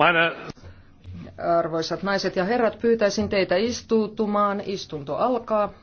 Meine... Arvoisat naiset ja herrat, pyytäisin teitä istuutumaan. Istunto alkaa.